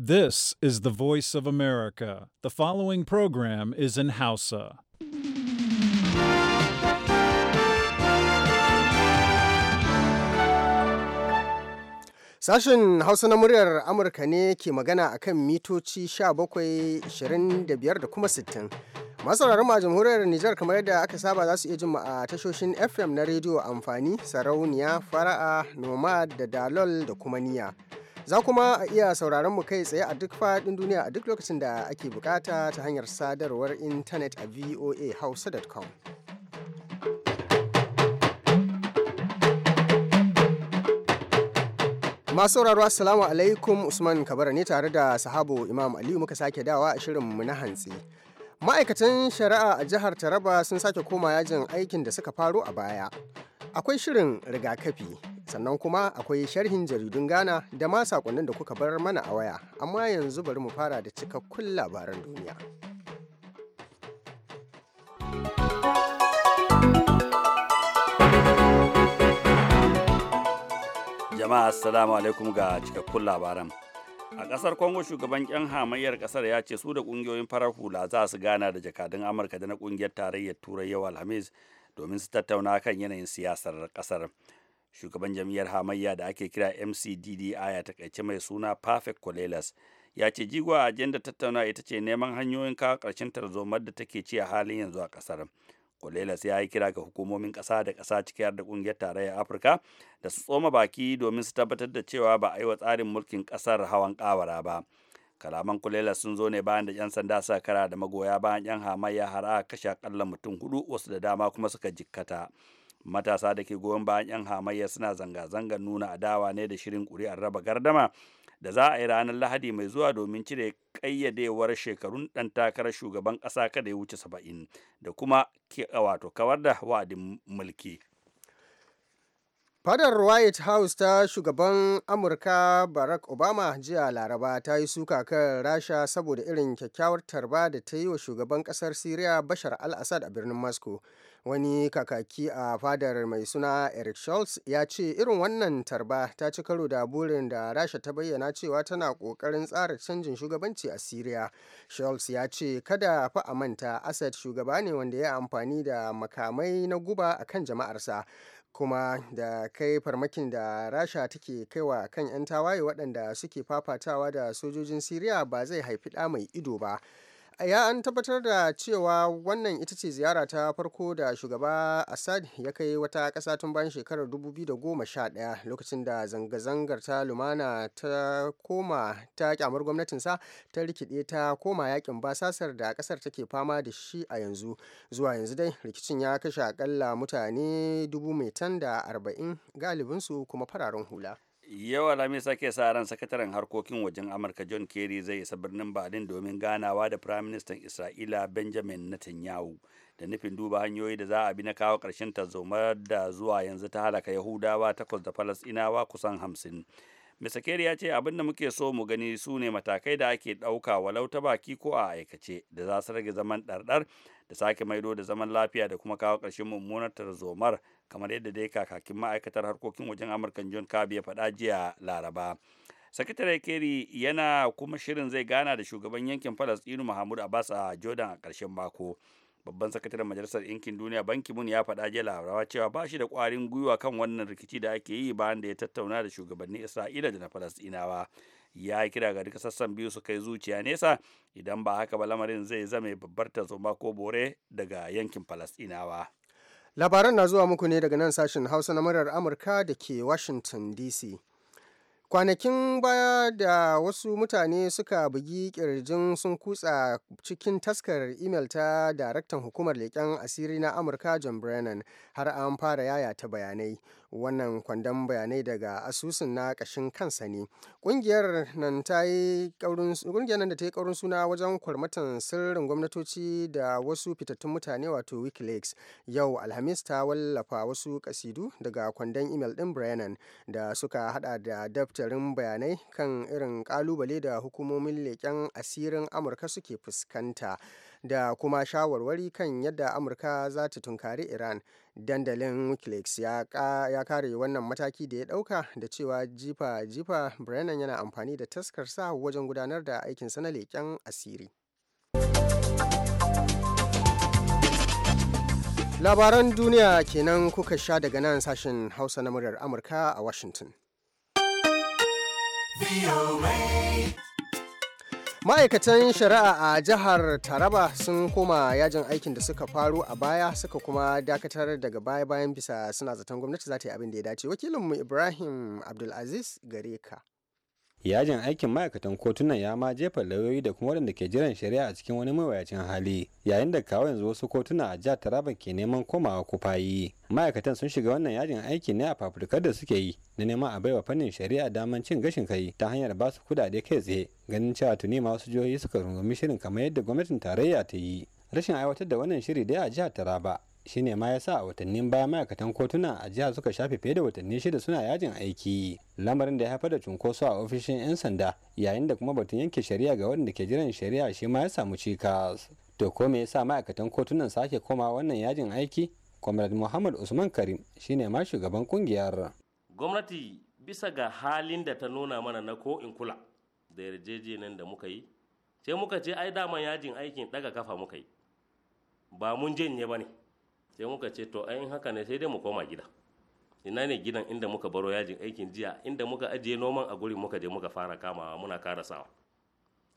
This is the voice of America. The following program is in Hausa. Sashen Hausa na muryar Amurka ne ke magana a kan mitoci 17.25 da kuma 60. Masu a jamhuriyar Nijar kamar yadda aka saba za su iya jin a tashoshin FM na rediyo amfani, sarauniya, fara'a, nomad da dalol da kuma niya. Za kuma a iya sauraron mu kai tsaye a duk faɗin duniya a duk lokacin da ake bukata ta hanyar sadarwar intanet a voahausa.com. Masu sauraro Assalamu alaikum Usman Kabara ne tare da sahabu Imam Aliyu muka sake dawa a shirin mu na hantsi. Ma'aikatan shari'a a jihar Taraba sun sake koma yajin aikin da suka faru a baya. Akwai shirin rigakafi, sannan kuma akwai sharhin jaridun gana da ma sakonnin da kuka bar mana a waya. Amma yanzu bari mu fara da cikakkun labaran duniya. Jama'a assalamu alaikum ga cikakkun labaran. a kasar congo shugaban yan hamayyar kasar ya ce su da kungiyoyin farar hula za su gana da jakadun amurka da na kungiyar tarayyar turai yau alhamis domin su tattauna kan yanayin siyasar kasar shugaban jam'iyyar hamayya da ake kira mcddi ya takaice mai suna perfect colelas ya ce jigo a da tattauna ita ce neman hanyoyin kawo ƙarshen tarzomar da take ci a halin yanzu a kasar Kulelas ya yi kira ga hukumomin ƙasa da ƙasa ciki har da ƙungiyar tarayyar Afirka da su tsoma baki domin su tabbatar da cewa ba a yi wa tsarin mulkin ƙasar hawan ƙawara ba. Kalaman kolelas sun zo ne bayan da 'yan sanda suka kara da magoya bayan 'yan hamayya har a kashe aƙalla mutum hudu wasu da dama kuma suka jikkata. Matasa da ke goyon bayan 'yan hamayya suna zanga-zangar nuna adawa ne da shirin ƙuri'ar raba gardama da za a yi ranar lahadi mai zuwa domin cire ƙayyadewar shekarun ɗan takarar shugaban ƙasa kada ya wuce saba'in da kuma wato kawar da wa'adin mulki fadar white house ta shugaban amurka barack obama jiya laraba ta yi suka kan rasha saboda irin kyakkyawar tarba da ta yi wa shugaban kasar syria bashar al-assad a birnin moscow wani kakaki a fadar mai suna eric schultz ya ce irin wannan tarba ta ci karo da burin da rasha ta bayyana cewa tana kokarin tsara canjin shugabanci a syria schultz ya ce kada fa a manta assad shugaba ne wanda ya amfani da makamai na guba a kan jama'arsa kuma da kai farmakin da rasha take kaiwa kan 'yan tawaye waɗanda suke fafatawa da sojojin syria ba zai haifi ɗa mai ido ba ya an tabbatar da cewa wannan ita ce ziyara ta farko da shugaba assad ya kai wata ƙasa tun bayan shekarar 2011 lokacin da zanga-zangar ta lumana ta koma ta kyamar gwamnatinsa ta rikide ta koma yakin basasar da ƙasar take fama da shi a yanzu zuwa yanzu dai rikicin ya kashe akalla mutane 140 galibinsu kuma fararen hula yau alhamis ake sa ran sakataren harkokin wajen amurka john kerry zai isa birnin berlin domin ganawa da prime minister isra'ila benjamin netanyahu da nufin duba hanyoyi da za a bi na kawo karshen tarzomar da zuwa yanzu ta halaka yahudawa takwas da falasɗinawa kusan hamsin Mr. Kerry ya ce abin da muke so mu gani su ne matakai da ake ɗauka walau ta baki ko a aikace da za su rage zaman ɗarɗar da sake maido da zaman lafiya da kuma kawo ƙarshen mummunar tarzomar kamar yadda dai kakakin ma'aikatar harkokin wajen amurka john kabi ya faɗa jiya laraba sakatare keri yana kuma shirin zai gana da shugaban yankin falastinu mahmud abbas a jordan a ƙarshen mako babban sakataren majalisar yankin duniya banki mun ya faɗa jiya laraba cewa ba shi da ƙwarin gwiwa kan wannan rikici da ake yi bayan da ya tattauna da shugabannin isra'ila da na falastinawa ya kira ga duka sassan biyu su kai zuciya nesa idan ba haka ba lamarin zai zame babbar tazoma ko bore daga yankin falastinawa labaran na zuwa muku ne daga nan sashen hausa na murar amurka da ke washington dc kwanakin baya da wasu mutane suka bugi kirjin sun kutsa cikin taskar imel ta daraktan hukumar leƙen asiri na amurka john brennan har an fara yaya ta bayanai wannan kwandon bayanai daga asusun na ƙashin kansa ne ƙungiyar nan da ta yi ƙaurin suna wajen kwarmatan sirrin gwamnatoci da wasu fitattun mutane wato wikileaks yau alhamis ta wallafa wasu kasidu daga kwandon imel ɗin brennan da suka hada da daftarin bayanai kan irin ƙalubale da hukumomin leƙen asirin amurka suke fuskanta da kuma shawarwari kan yadda amurka za ta tunkari iran dandalin wikileaks ya, kare wannan mataki da ya dauka da cewa jifa-jifa brennan yana amfani da taskarsa wajen gudanar da aikinsa na leƙen asiri labaran duniya kenan kuka sha daga nan sashen hausa na muryar amurka a washington ma'aikatan shari'a a jihar taraba sun koma yajin aikin da suka faru a baya suka kuma dakatar daga baya bayan bisa suna zaton gwamnati za ta yi abin da ya dace wakilinmu ibrahim abdulaziz gare ka yajin aikin ma'aikatan kotunan ya ma jefa lauyoyi da kuma waɗanda ke jiran shari'a a cikin wani mawuyacin hali yayin da kawo yanzu wasu kotuna a jihar taraba ke neman komawa kufayi ma'aikatan sun shiga wannan yajin aiki ne a fafurkar da suke yi na neman a baiwa fannin shari'a daman cin gashin kai ta hanyar ba su kudade kai tsaye ganin cewa tuni ma wasu jihohi suka rungumi shirin kamar yadda gwamnatin tarayya ta yi rashin aiwatar da wannan shiri dai a jihar taraba shine ma ya sa a watannin baya ma'aikatan kotuna a jihar suka shafe fiye da watanni shida suna yajin aiki lamarin da ya haifar da cunkoso a ofishin 'yan sanda yayin da kuma batun yanke shari'a ga waɗanda ke jiran shari'a shi ma ya samu cikas to ko me yasa ma'aikatan kotunan sake koma wannan yajin aiki comrade muhammad usman karim shine ma shugaban kungiyar gwamnati bisa ga halin da ta nuna mana na ko in kula da yarjejeniyar da muka yi sai muka ce ai daman yajin aikin daga kafa muka yi ba mun janye ba ne sai muka ce to ayin haka ne sai dai mu koma gida ina ne gidan inda muka baro yajin aikin jiya inda muka ajiye noman a guri muka je muka fara kamawa muna karasawa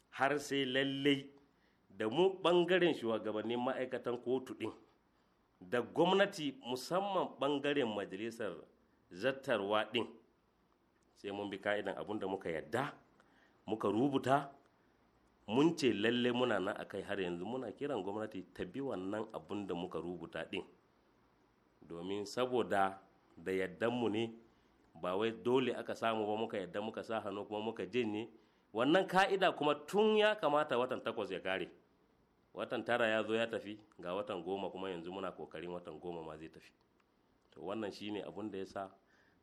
har sai lallai da mu bangaren shugabannin ma'aikatan kotu din da gwamnati musamman bangaren majalisar zattarwa din sai mun bi ka'idan abun da muka yadda muka rubuta mun ce lalle muna nan a kai har yanzu muna kiran gwamnati ta bi wannan abun da muka rubuta ɗin domin saboda da mu ne ba wai dole aka samu ba muka yadda muka sa hannu kuma muka janye wannan ka'ida kuma tun ya kamata watan takwas ya kare watan tara ya zo ya tafi ga watan goma kuma yanzu muna kokarin watan goma ma zai tafi to wannan shine abun da ya sa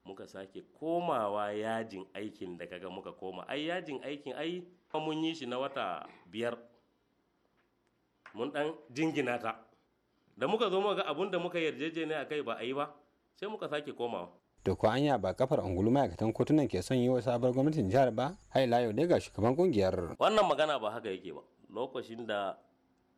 muka sake komawa yajin aikin da kaga muka koma ai yajin aikin ai mun yi shi na wata biyar mun dan jingina ta da muka zo muka ga abun da muka yarjejeniya a kai ba a yi ba sai muka sake komawa to ko anya ba kafar ungulu ma'aikatan kotunan ke son yi wa sabar gwamnatin jihar ba hai layo da ga shugaban kungiyar wannan magana ba haka yake ba lokacin da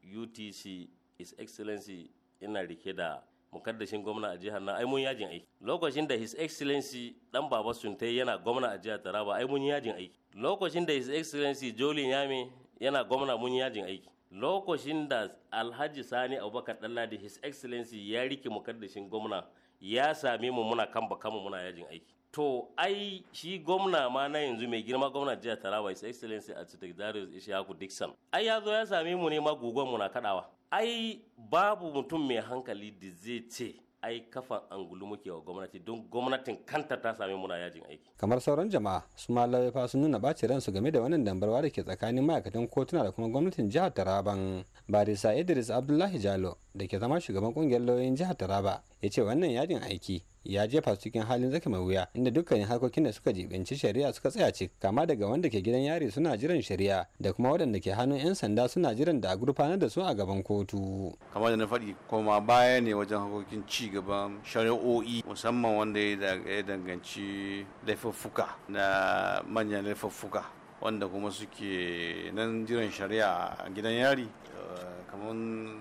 utc is excellency ina rike da mukaddashin gwamna a jihar na ai mun yajin aiki lokacin da his excellency dan baba suntai yana gwamna a jihar taraba ai mun yajin aiki lokacin da his excellency jolin yami yana gwamna mun yajin aiki lokacin da alhaji sani abubakar dalladi his excellency ya rike mukaddashin gwamna ya same mu muna kan bakanmu muna yajin aiki to ai shi gwamna ma na yanzu mai girma gwamna jihar taraba his excellency cikin darius ishaku dixon ai ya zo ya same mu ne ma gugon muna na kadawa ai babu mutum mai hankali da zai ce ai kafan angulu muke wa gwamnati don gwamnatin kanta ta sami muna yajin aiki. Kamar sauran jama'a su ma fa sun nuna ɓaci ransu game da wannan dambarwa da ke tsakanin ma'aikatan kotuna da kuma gwamnatin jihar Taraban. Barisa Idris Abdullahi Jalo da ke zama shugaban kungiyar lauyoyin jihar Taraba ya ce wannan yajin aiki ya jefa su cikin halin zaki mai wuya inda dukkanin harkokin da suka jibinci shari'a suka tsaya ce kama daga wanda ke gidan yari suna jiran shari'a da kuma waɗanda ke hannun 'yan sanda suna jiran da a gurfanar da su a gaban kotu kama da na faɗi kuma baya ne wajen harkokin ci gaban shari'o'i musamman wanda ya danganci laifuffuka na manyan laifuffuka wanda kuma suke nan jiran shari'a a gidan yari eh, kamar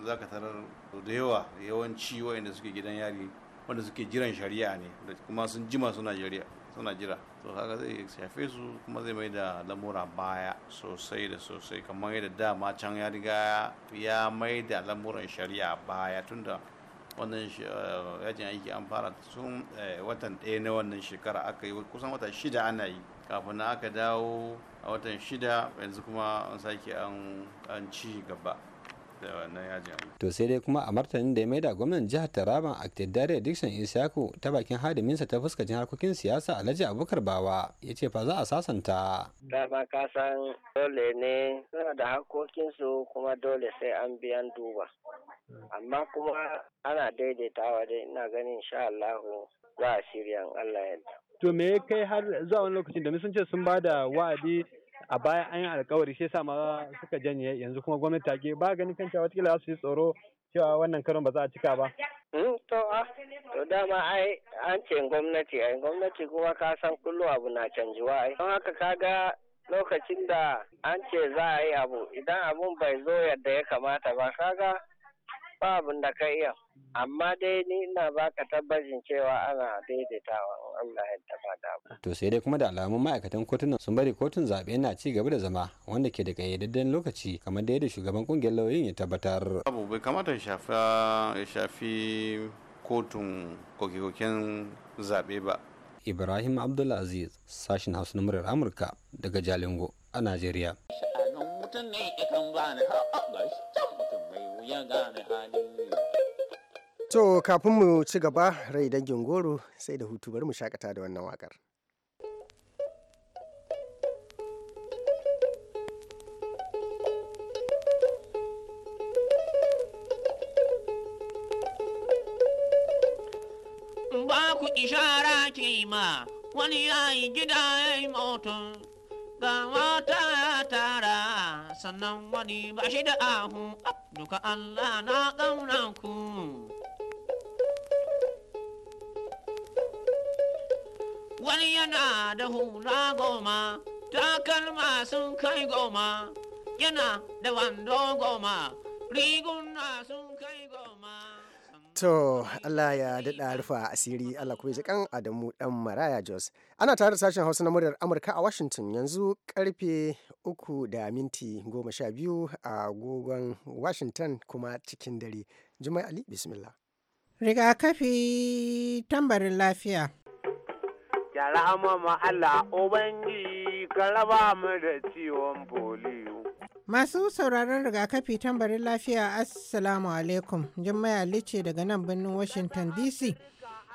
za ka tarar da yawa yawanci waɗanda suke gidan yari wanda suke jiran shari'a ne kuma sun jima suna jira suna jira to haka zai shafe su kuma zai mai da lamura baya sosai da sosai kamar yadda dama can ya riga ya mai da lamuran shari'a baya tunda wannan eh, yajin aiki an fara sun eh, watan ɗaya na wannan shekara aka yi kusan wata shida ana yi kafin na aka dawo a watan shida yanzu kuma an sake an ci gaba to sai dai kuma a martanin da ya maida gwamnan jihar taraban aktidare dixon isaku ta bakin hadiminsa ta fuskacin harkokin siyasa alhaji abubakar bawa ya ce fa za a sasanta dama ka san dole ne suna da harkokinsu kuma dole sai an biyan duba amma kuma ana daidaitawa dai ina ganin insha Allah za a shirya Allah yadda to me kai har zuwa wani lokacin da sun ce sun ba da wa'adi a baya an yi alkawari shi yasa ma suka janye yanzu kuma gwamnati ta ke ba ganin kan cewa watakila za su yi tsoro cewa wannan karon ba za a cika ba. Hmm, to a ah, to dama ai an ce gwamnati ai gwamnati kuma ka san kullum abu na canjuwa ai don haka kaga lokacin da an ce za a yi abu idan abun bai zo yadda ya kamata ba ka ga? ba abin da ka iya amma dai ni ina baka tabbacin cewa ana daidaitawa Allah ya taba da to sai dai kuma da alamun ma'aikatan kotunan sun bari kotun zabe na ci gaba da zama wanda ke da kayyadadden lokaci kamar da yadda shugaban kungiyar lauyoyin ya tabbatar abu bai kamata ya shafi kotun koke-koken zaɓe ba ibrahim Aziz sashin hausa na murar amurka daga jalingo a najeriya mutum ne ikan bani ha'a ga mutum mai wuya gane hali To kafin mu ci gaba rai dangin goro sai da hutu bari mu shakata da wannan wakar. Ba ku ishara ke ma wani yayi gida ya yi mutum ga mata ya tara sannan wani ba shi da ahu duka Allah na ƙauna ku. wani yana da hula goma takalma sun kai goma yana da wando goma riguna sun kai goma To Allah ya daɗa rufa asiri Allah kuma ji kan Adamu ɗan Maraya Jos. Ana tare da sashen Hausa na muryar Amurka a Washington yanzu karfe uku da minti goma sha biyu a gogon Washington kuma cikin dare. juma'a Ali Bismillah. Rigakafi tambarin lafiya. da rahama Allah Ubangiji ka raba mu da ciwon Masu sauraron rigakafi tambarin lafiya Assalamu alaikum. Jummaya Lice daga nan birnin Washington DC.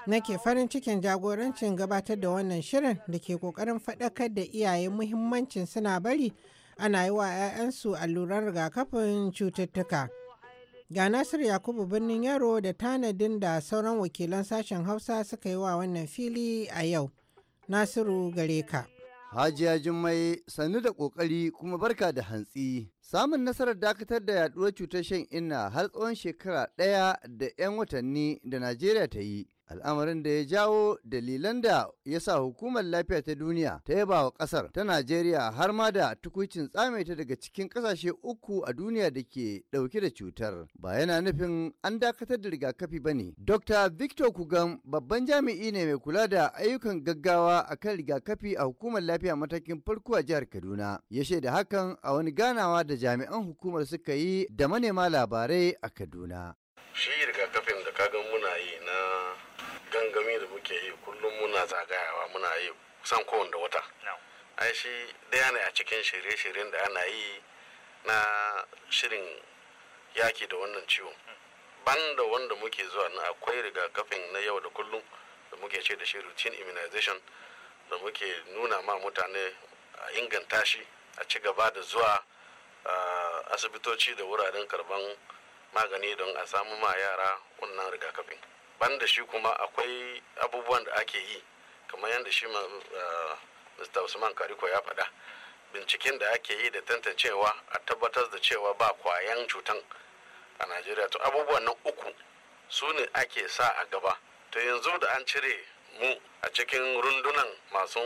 Nake farin cikin jagorancin gabatar da wannan shirin da ke kokarin faɗakar da iyaye muhimmancin suna bari ana yi wa 'ya'yansu alluran rigakafin cututtuka. Ga Nasir Yakubu birnin Yaro da tanadin da sauran wakilan sashen Hausa suka yi wa wannan fili a yau. Nasiru gare ka. Hajiya Jummai sannu da ƙoƙari kuma barka da hantsi. Samun nasarar dakatar da yaduwar cutar shan inna har tsawon shekara ɗaya da 'yan watanni da Najeriya ta yi al'amarin da ya jawo dalilan da ya sa hukumar lafiya ta duniya ta yaba wa kasar ta najeriya har ma da tukucin tsame ta daga cikin kasashe uku a duniya da ke dauke da cutar ba yana nufin an dakatar da rigakafi ba ne dr victor kugan babban jami'i ne mai kula da ayyukan gaggawa a kan rigakafi a hukumar lafiya matakin farko a jihar kaduna ya shaida hakan a wani ganawa da jami'an hukumar suka yi da manema labarai a kaduna shi rigakafi kusan kowanne wata ai shi daya ne a cikin shirye-shiryen da ana yi na shirin yaki da wannan ciwo. Hmm. banda wanda muke zuwa na akwai rigakafin na yau da kullum da muke ce da shi routine immunization da muke nuna ma mutane a inganta shi a ci gaba da zuwa asibitoci da wuraren karban magani don a samu ma yara wannan rigakafin banda shi kuma akwai abubuwan da ake yi kamar yadda shi mr eh, usman kariko ya faɗa binciken da ake yi da tantancewa a tabbatar da cewa ba kwayan cutan a najeriya to abubuwan na uku su ne ake sa a gaba to yanzu da an cire mu a cikin rundunan masu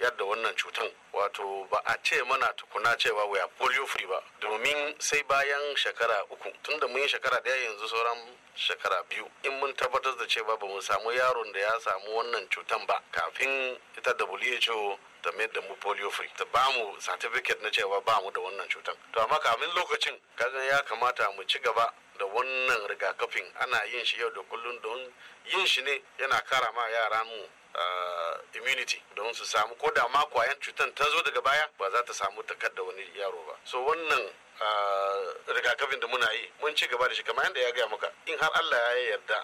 yadda wannan cutan wato ba a ce mana tukuna cewa we are polio free ba domin sai bayan shekara uku tunda mun shekara daya yanzu sauran shekara biyu in mun tabbatar da cewa ba mu samu yaron da ya samu wannan cutan ba kafin ita WHO ta mai da mu polio free ta ba mu certificate na cewa ba mu da wannan cutan to amma kamin lokacin kaga ya kamata mu ci gaba da wannan rigakafin ana yin shi yau da kullum don yin shi ne yana kara ma yaran mu Eh, immunity don su samu ko da ma kwayan cutan ta zo daga baya ba za ta samu takar da wani yaro ba so wannan rigakafin da muna yi mun ci gaba da shi kamar yadda ya gaya maka in har Allah ya yarda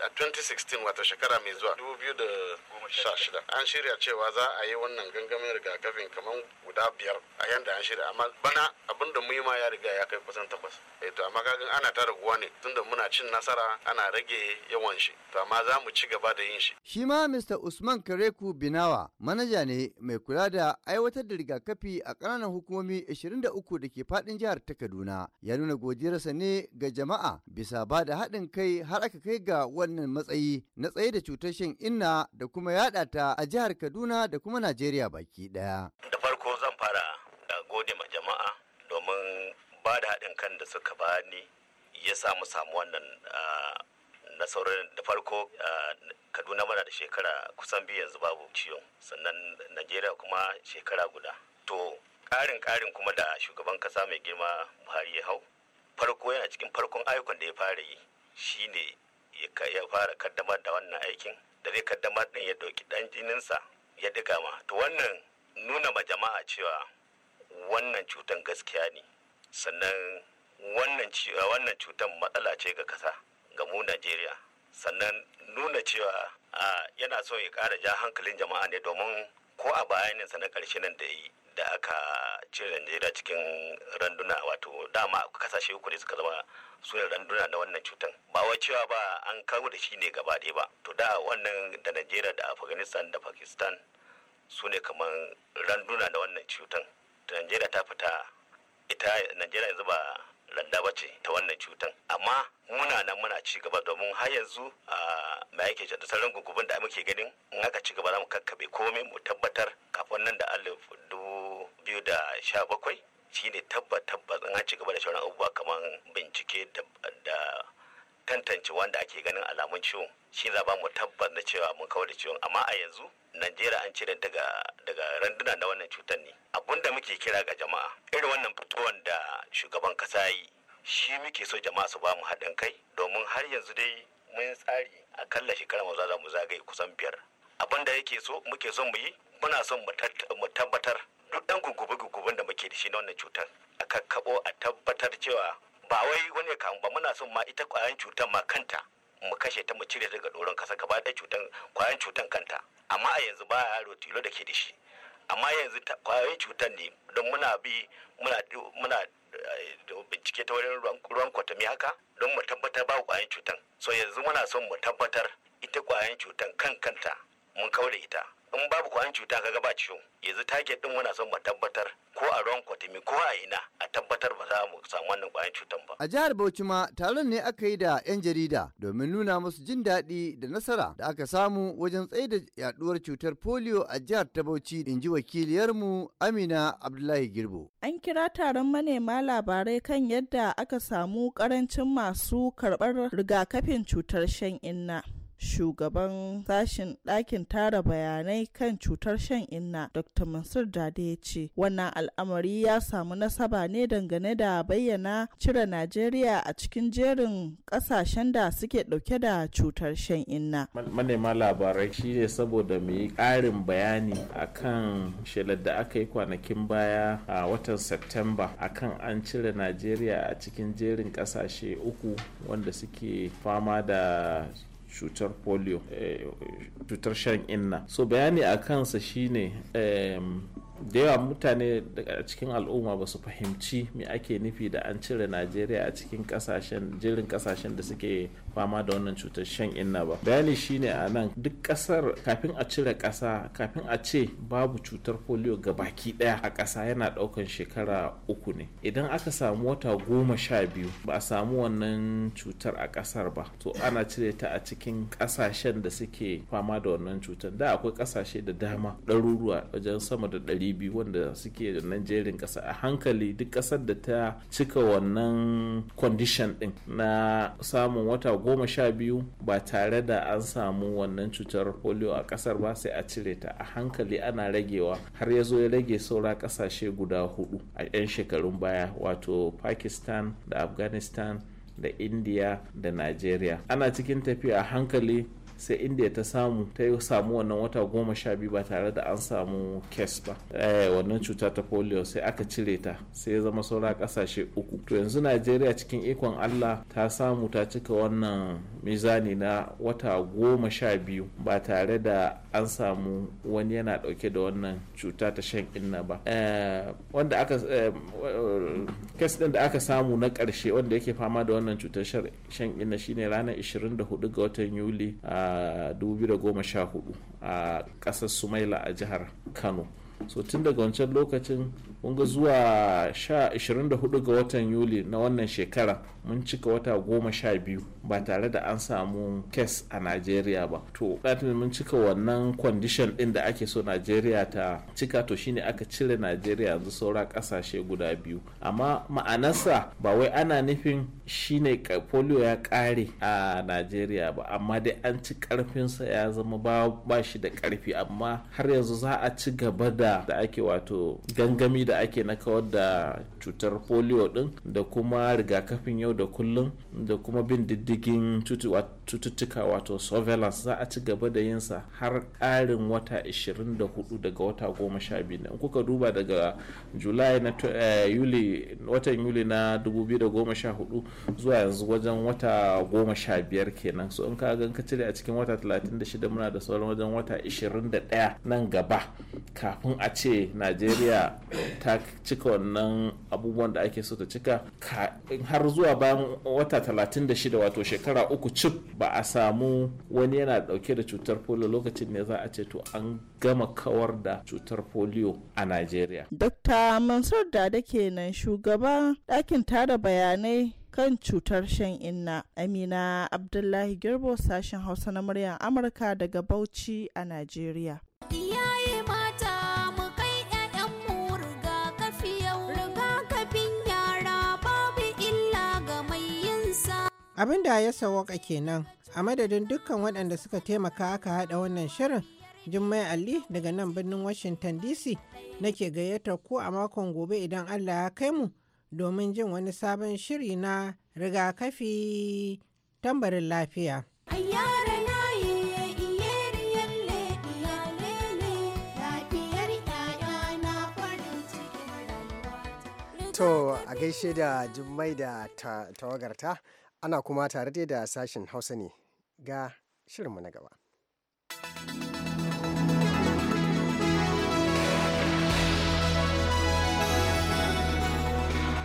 a 2016 wata shekara mai zuwa 2016 an shirya cewa za a yi wannan gangamin rigakafin kamar guda biyar a yadda an shirya amma bana abinda mu yi ma ya riga ya kai kusan takwas eh to amma kagan ana tara raguwa ne tun da muna cin nasara ana rage yawan shi to amma za mu ci gaba da yin shi shi ma Mr Usman Kareku Binawa manaja ne mai kula da aiwatar da rigakafi a ƙananan hukumomi 23 da ke faɗin faɗin jihar ta Kaduna ya nuna godiyarsa ne ga jama'a bisa ba da haɗin kai har aka kai ga wannan matsayi na tsaye da cutar shan inna da kuma yaɗa ta a jihar Kaduna da kuma Najeriya baki ɗaya. Da farko zan fara da gode ma jama'a domin ba da haɗin kan da suka ba ni ya samu samu wannan ah, nasarorin da farko ah, kaduna mana da shekara kusan biyu yanzu babu ciwon sannan najeriya kuma shekara guda to ƙarin ƙarin kuma da shugaban kasa mai girma buhari ya hau farko yana cikin farkon ayyukan da ya fara yi shine ya fara kaddamar da wannan aikin da zai kaddamar ɗin ya ɗauki ɗan sa ya daga ma to wannan nuna ma jama'a cewa wannan cutan gaskiya ne sannan wannan wannan cutan matsala ce ga kasa ga mu Najeriya sannan nuna cewa yana so ya kara ja hankalin jama'a ne domin ko a bayaninsa na ƙarshe nan da yi da aka cire Najeriya cikin randuna wato dama kasashe uku ne suka zama sunan randuna na wannan cutan ba cewa ba an kawo da shi ne gaba ɗaya ba to da wannan da Najeriya da Afghanistan da Pakistan su ne kamar randuna na wannan cutan da Najeriya ta fita ita Najeriya yanzu ba randa ba ce ta wannan cutan amma muna nan muna ci gaba domin har yanzu a mai yake da sauran gugubin da muke ganin in aka ci gaba za mu kakkabe komai mu tabbatar kafin nan da alif dubu biyu da sha bakwai shine tabbatabbat an ci gaba da sauran abubuwa kamar bincike da tantance wanda ake ganin alamun ciwon shi za ba mu tabbas na cewa mun kawar da ciwon amma a yanzu najeriya an cire daga daga randuna na wannan cutar ne da muke kira ga jama'a irin wannan fitowar da shugaban kasa yi shi muke so jama'a su ba mu haɗin kai domin har yanzu dai mun tsari a kalla shekara mu za mu zagaye kusan biyar abin da yake so muke son mu yi muna son mu tabbatar duk ɗan gugube-guguben da muke da shi na wannan cutar a kakkaɓo a tabbatar cewa ba wai wani kan ba muna son ma ita ƙwayan cutar ma kanta mu kashe ta mu cire daga doron kasa gaba ɗaya cutar kwayan cutar kanta amma a yanzu ba yaro tilo da ke da shi amma yanzu kwayoyin cutar ne don muna bi muna muna eh, bincike ta wurin ruwan kwatami haka don mu tabbatar ba kwayan cutar, so yanzu muna son mu tabbatar ita kwayan cutar kan kanta mun kaure ita in babu kwayan cuta kaga ba ciwo yanzu target din muna son mu tabbatar ko a ruwan kwatimi ko a ina a tabbatar ba za mu samu wannan kwayan cutan ba a jihar Bauchi ma taron ne aka yi da yan jarida domin nuna musu jin daɗi da nasara da aka samu wajen tsaida yaduwar cutar polio a jihar ta Bauchi inji wakiliyarmu Amina Abdullahi Girbo an kira taron manema labarai kan yadda aka samu karancin masu karɓar rigakafin cutar shan inna shugaban sashen ɗakin tara bayanai kan cutar shan inna dr mansur dade ya ce wannan al'amari ya samu nasaba ne dangane da bayyana cire najeriya a cikin jerin ƙasashen da suke ɗauke da cutar shan inna manema labarai shi ne saboda mu yi ƙarin bayani akan shelar da aka yi kwanakin baya a watan september akan an cire najeriya a cikin jerin ƙasashe uku wanda suke fama da cutar polio eh, cutar shan inna so bayani a kansa shine da yawa mutane a cikin al'umma ba su fahimci me ake nufi da an cire najeriya a cikin kasashen jirin kasashen da suke fama da wannan cutar shan inna ba bayani shine a nan duk kasar kafin a cire kasa kafin a ce babu cutar polio ga baki daya a kasa yana daukan shekara uku ne idan aka samu wata goma sha biyu ba a samu wannan cutar a kasar ba to ana cire ta a cikin kasashen da suke fama da wannan cutar da akwai kasashe da dama ɗaruruwa wajen sama da ɗari nau'i biyu wanda suke da nan jerin kasa a hankali duk kasar da ta cika wannan condition din na samun wata goma sha biyu ba tare da an samu wannan cutar polio a kasar ba sai a cire ta a hankali ana ragewa har ya zo ya rage saura kasashe guda hudu a 'yan shekarun baya wato pakistan da afghanistan da india da nigeria ana cikin tafiya a hankali sai india ta samu ta yi samu wannan wata goma sha biyu ba tare da an samu kes ba eh, wannan cuta ta polio sai aka cire ta sai ya zama saura kasashe uku to yanzu najeriya cikin ikon allah ta samu ta cika wannan mizani na wata goma sha biyu ba tare da an samu wani yana dauke da wannan cuta ta shan inna ba eh, kes eh, din da aka samu na karshe wanda yake fama da wannan cutar shan inna shine ranar 24 ga watan yuli a ah, sha 2014 a ƙasar sumaila a jihar kano so tun daga wancan lokacin ga zuwa 24 ga watan yuli na wannan shekara mun cika wata goma sha biyu ba tare da an samu kes a nigeria ba to katin mun cika wannan kwandishan din da ake so nigeria ta cika to shine aka cire najeriya yanzu saura kasashe guda biyu amma ma'anarsa ba wai ana nufin shine polio ya kare a nigeria ba amma dai an ci karfinsa ya zama ba shi da karfi amma har yanzu za a ci gaba da da da ake wato gangami da ake na kawar da cutar polio din da kuma rigakafin yau da kullum da kuma bin diddigin cututtuka wato surveillance za a ci gaba da yinsa har karin wata 24 daga wata 12 in kuka duba daga julai na eh, yuli watan yuli na 2014 zuwa yanzu wajen wata 15 kenan so in ka gan ka cire a cikin wata 36 muna da sauran wajen wata 21 nan gaba kafin a ce najeriya ta cika wannan abubuwan da ake so ta cika har zuwa bayan wata 36 wato shekara uku cif ba a samu wani yana dauke da cutar polio lokacin ne za a ce to an gama kawar da cutar polio a najeriya dr mansur da ke nan shugaban ɗakin tara bayanai kan cutar shan inna amina abdullahi girbo sashen hausa na muryar amurka daga bauchi a najeriya Abin da ya sawaka kenan a madadin dukkan waɗanda suka taimaka aka haɗa wannan shirin Jummai Ali daga nan birnin Washington DC nake gayyatar ku a makon gobe idan Allah ya kai mu domin jin wani sabon shiri na rigakafi tambarin lafiya. To a gaishe da Jummai da tawagarta. ana kuma tare da sashen hausa ne ga shirinmu na gaba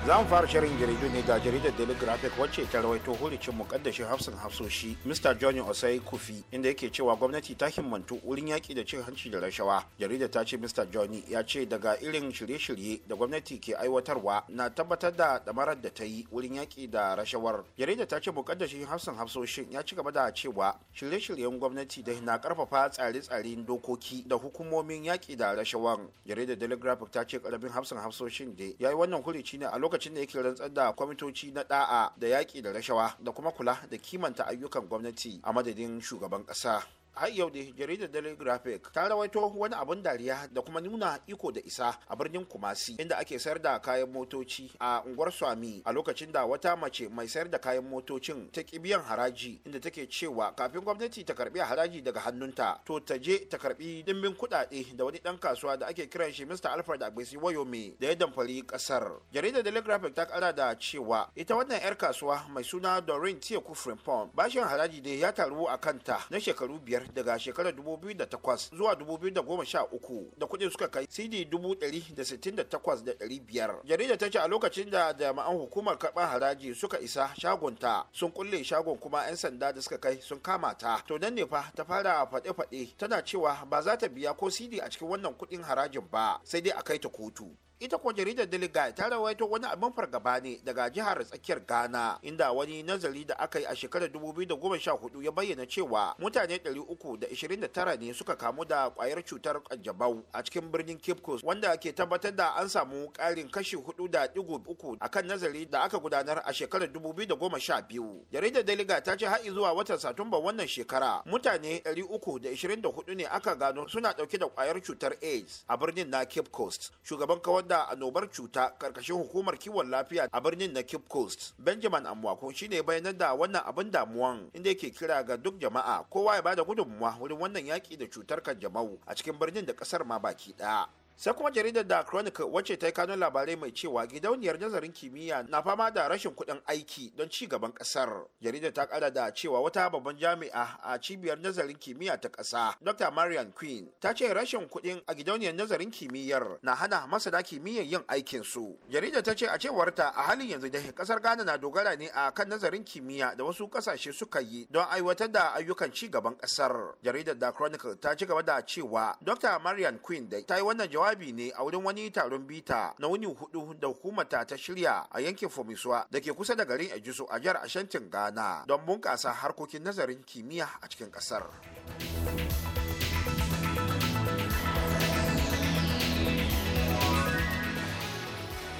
za mu fara shirin jaridu ne ga jaridar daily graphic wacce ta rawaito hulicin mukaddashin hafsan hafsoshi mr john osai kufi inda yake cewa gwamnati ta himmantu wurin yaki da cin hanci da rashawa jaridar ta ce mr john ya ce daga irin shirye-shirye da gwamnati ke aiwatarwa na tabbatar da damarar da ta yi wurin yaki da rashawar jaridar ta ce mukaddashin hafsan hafsoshin ya ci gaba da cewa shirye-shiryen gwamnati da na karfafa tsare-tsaren dokoki da hukumomin yaƙi da rashawar. jaridar daily graphic ta ce karamin hafsan hafsoshin da ya yi wannan hulici ne a lokacin lokacin da yake rantsar da kwamitoci na da'a da yaƙi da rashawa da kuma kula da kimanta ayyukan gwamnati a madadin shugaban ƙasa. har yau da jaridar daily graphic ta rawaito wani abun dariya da kuma nuna iko da isa a birnin kumasi inda ake sayar da kayan motoci a unguwar swami a lokacin da wata mace mai sayar da kayan motocin ta ki biyan haraji inda take cewa kafin gwamnati ta karbi haraji daga hannunta to ta je ta karbi dimbin kuɗaɗe da wani ɗan kasuwa da ake kiran shi mr alfred agbesi wayome da ya damfari ƙasar jaridar daily graphic ta ƙara da cewa ita wannan 'yar kasuwa mai suna doreen tiya kufrin pom bashin haraji da ya taru a kanta na shekaru biyar daga shekarar 2008 zuwa 2013 da kuɗin suka kai cd 168,500 jarida ta ce a lokacin da jami'an hukumar karɓar haraji suka isa shagonta sun kulle shagon kuma 'yan sanda da suka kai sun kama ta to nan ne fa ta fara faɗe-faɗe tana cewa ba za ta biya ko cd a cikin wannan kuɗin harajin ba sai dai a kai ta kotu ita ko jaridar delegate ta rawaito wani abin fargaba ne daga jihar tsakiyar ghana inda wani nazari da aka yi a shekarar 2014 ya bayyana cewa mutane 329 ne suka kamu da kwayar cutar kanjabau a cikin birnin cape coast wanda ke tabbatar da an samu karin kashi 4.3 akan nazari da aka gudanar a shekarar 2012 jaridar delegate ta ce har zuwa watan satumba wannan shekara mutane 324 ne aka gano suna dauke da kwayar cutar aids a birnin na cape coast shugaban kawar kawar da annobar cuta karkashin hukumar kiwon lafiya a birnin na Cape Coast. Benjamin Amwakon shine bayanan da wannan abin damuwan inda yake kira ga duk jama'a kowa ya bada gudunmuwa wurin wannan yaki da cutar kanjamau a cikin birnin da kasar ma baki ɗaya. sai kuma jaridar da chronicle wacce ta yi kanun labarai mai cewa gidauniyar nazarin kimiyya na fama da rashin kuɗin aiki don ci gaban ƙasar jaridar ta ƙara da cewa wata babban jami'a a cibiyar nazarin kimiyya ta ƙasa dr marian queen ta ce rashin kuɗin a gidauniyar nazarin kimiyyar na hana masana kimiyyar yin aikin su jaridar ta ce a cewar ta a halin yanzu dai, ƙasar ghana na dogara ne a kan nazarin kimiyya da wasu ƙasashe suka yi don aiwatar da ayyukan ci gaban ƙasar jaridar da chronicle ta ci gaba da cewa dr marian queen da ta yi wannan jawabi jawabi ne a wurin wani taron bita na wuni hudu da hukumata ta shirya a yankin Fomiswa da ke kusa da garin Ejuso a jihar Ashantin Ghana don bunkasa harkokin nazarin kimiyya a cikin ƙasar.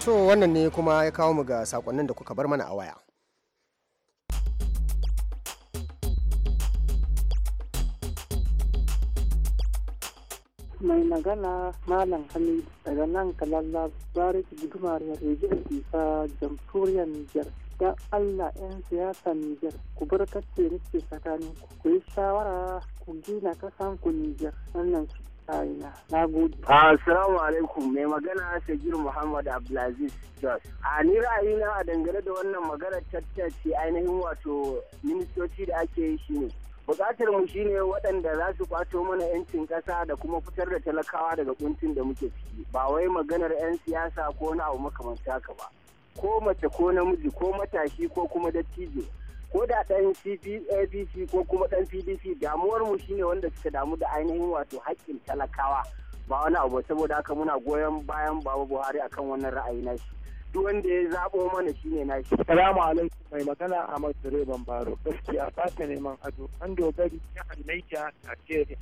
To wannan ne kuma ya kawo mu ga sakonnin da kuka bar mana a waya. mai magana malam hamidu daga nan kalalla barik gudumar rijiyar isa jamhuriyar niger Dan allah 'yan siyasa niger ku bar kacce nake tsakanin ku yi shawara ku gina kasan ku niger wannan su Aina, na gode. Assalamu alaikum, mai magana Sagir Muhammad Abdulaziz Jos. A ni ra'ayina a dangane da wannan magana tattace ainihin wato ministoci da ake yi shi ne. bukatar mu shine waɗanda za su kwato mana 'yancin ƙasa da kuma fitar da talakawa daga kuncin da muke ciki ba wai maganar 'yan siyasa ko na abu makamanta haka ba ko mace ko namiji ko matashi ko kuma dattijo ko da ɗan abc ko kuma ɗan pdc damuwar mu shine wanda suka damu da ainihin wato haƙƙin talakawa ba wani abu saboda haka muna goyon bayan baba buhari akan wannan ra'ayi na shi wanda ya zaɓo mana shine na shi. Salamu alaikum mai magana a direban baro gaskiya ba ta neman ado an dogari ta halaita ta jere.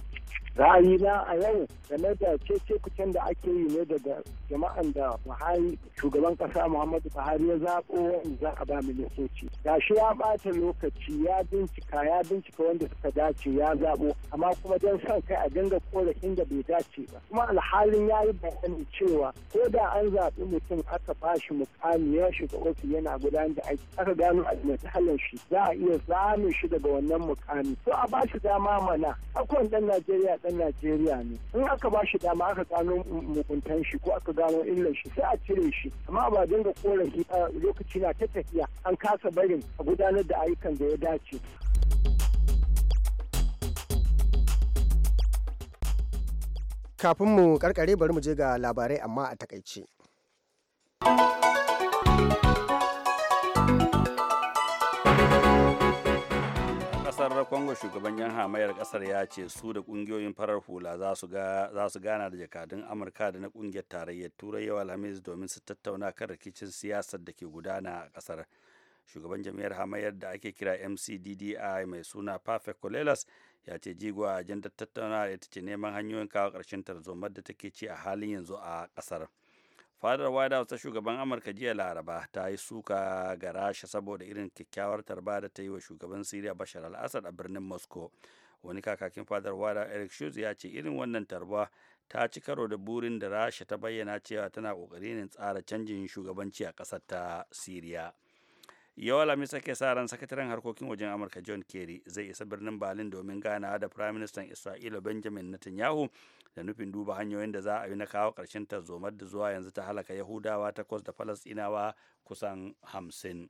Ra'ayina na a yau game da cece kucin da ake yi ne daga jama'an da Buhari shugaban kasa Muhammadu Buhari ya zaɓo wanda za a ba ministoci. Ga shi ya ɓata lokaci ya bincika ya bincika wanda suka dace ya zaɓo amma kuma don son kai a dinga korafin da bai dace ba. Kuma alhalin ya yi bayani cewa ko da an zaɓi mutum aka bashi mukami ya shiga ofis yana gudanar da aiki aka gano almatahalar shi za a iya samun shi daga wannan mukami to a ba shi dama mana akwai dan najeriya dan najeriya ne in aka ba shi dama aka gano mukuntan shi ko aka gano illar shi sai a cire shi amma ba dinga korafi a lokaci na ta tafiya an kasa barin a gudanar da ayyukan da ya dace kafin mu karkare bari mu je ga labarai amma a takaice. kasar congo shugaban yan hamayar kasar ya ce su da kungiyoyin farar hula za su gana da jakadun amurka da na kungiyar tarayyar turai yawa alhamis domin su tattauna kan rikicin siyasar da ke gudana a kasar shugaban jami'ar hamayar da ake kira mcddi mai suna perfect colelas ya ce jigo a ajandar tattaunawa ita ce neman hanyoyin kawo ƙarshen tarzoma da take ci a halin yanzu a kasar fadar white house ta shugaban amurka jiya laraba ta yi suka ga rasha saboda irin kyakkyawar tarba da ta yi wa shugaban syria bashar al-assad a birnin moscow wani kakakin fadar white house eric schultz ya ce irin wannan tarba ta ci karo da burin da rasha ta bayyana cewa tana kokarin tsara canjin shugabanci a ƙasar ta syria yau alhamis sake sa ran sakataren harkokin wajen amurka john kerry zai isa birnin berlin domin ganawa da prime minister isra'ila benjamin netanyahu da nufin duba hanyoyin da za a yi na kawo ƙarshen tarzomar da zuwa yanzu ta halaka yahudawa takwas da falastinawa kusan hamsin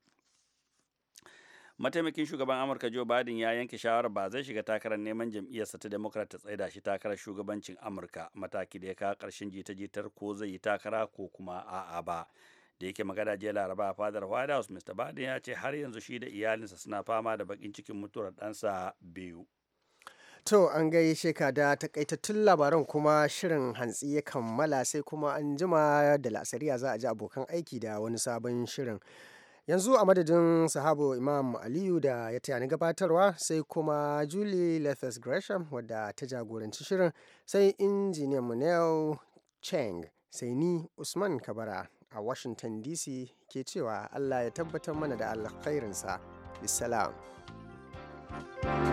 mataimakin shugaban amurka joe biden ya yanke shawarar ba zai shiga takarar neman jam'iyyarsa ta democrat ta tsaida shi takarar shugabancin amurka mataki da ya kawo ƙarshen jita-jitar ko zai yi takara ko kuma a'a ba da yake magana jiya laraba a fadar white house mr biden ya ce har yanzu shi da iyalinsa suna fama da bakin cikin mutuwar ɗansa biyu To an gaishe sheka da takaitattun labaran kuma shirin hantsi ya kammala sai kuma an jima da lasariya za a ji abokan aiki da wani sabon shirin. Yanzu a madadin sahabo Imam Aliyu da ya tayani gabatarwa sai kuma Julie Lethes Gresham wadda ta jagoranci shirin sai injiniyan mu Cheng sai ni Usman Kabara a Washington DC ke cewa Allah ya tabbatar mana da alkhairinsa. Bisalam. thank you